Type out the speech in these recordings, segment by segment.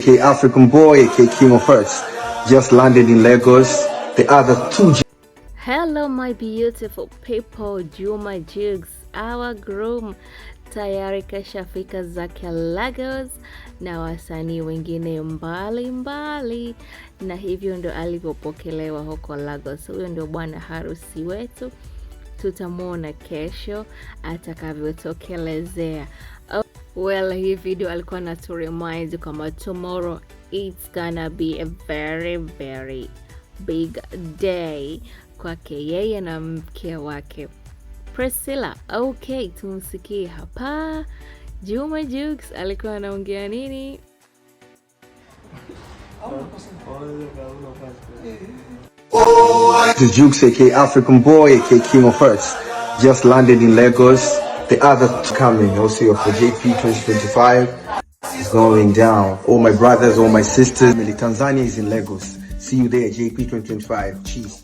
K African Boy K Kimo Hertz just landed in Lagos. The other two. Hello my beautiful people, Juma Jigs, our groom tayari kashafika zake Lagos na wasanii wengine mbalimbali mbali. Na hivyo ndo alivyopokelewa huko Lagos. Huyo ndio bwana harusi wetu, tutamwona kesho atakavyotokelezea. Well, hii video alikuwa na to remind kwamba tomorrow it's gonna be a very very big day kwake yeye na mke wake Priscilla. Okay, tumsikie hapa Juma Jux alikuwa anaongea nini? Jux aka African boy aka King of Hearts just landed in Lagos The other coming also for JP 2025 going down. All my brothers, all my sisters. Tanzania is in Lagos. See you there, JP 2025. Cheers.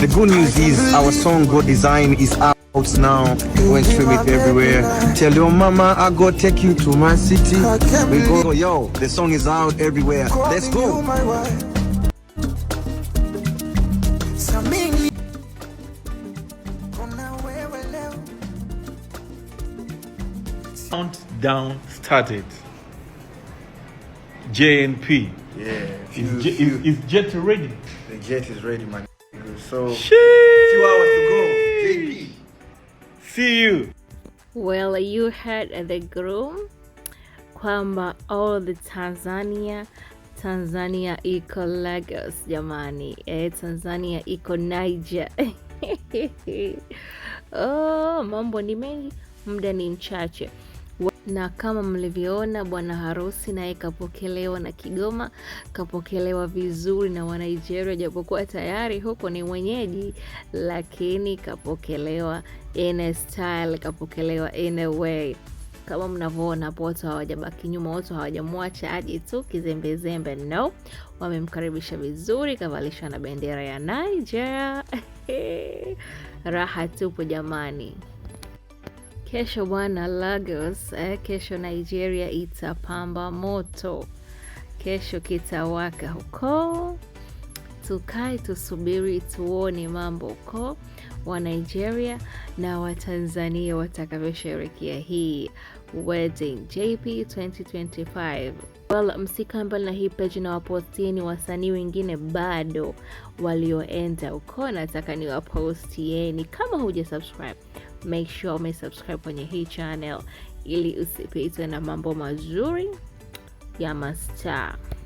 The good news is our song God Design is out out now. Went streaming everywhere. Tell your mama I go take you to my city. We go, yo, the song is out everywhere. Let's go. Countdown started. JNP. Yeah. Is, Jet ready? The Jet is ready, man. So, Sheesh. few hours to go. See you. Well, you heard the groom kwamba all the Tanzania Tanzania iko Lagos jamani, eh, Tanzania iko Niger. Oh, mambo ni mengi, muda ni mchache na kama mlivyoona bwana harusi naye kapokelewa na Kigoma, kapokelewa vizuri na Wanigeria, japokuwa tayari huko ni mwenyeji, lakini kapokelewa in a style, kapokelewa in a way kama mnavyoona hapo, watu hawajabaki nyuma, watu hawajamwacha aje tu kizembezembe. No, wamemkaribisha vizuri, kavalishwa na bendera ya Nigeria. Raha tupo jamani. Kesho bwana, Lagos eh, kesho Nigeria itapamba moto, kesho kitawaka huko tukae tusubiri tuone mambo ko wa Nigeria na Watanzania watakavyosherekea hii wedding JP 2025. Well, msika mbali na hii page na wapostieni wasanii wengine bado walioenda uko, nataka niwapostieni. Kama huja subscribe, make sure subscribe kwenye hii channel ili usipitwe na mambo mazuri ya mastaa.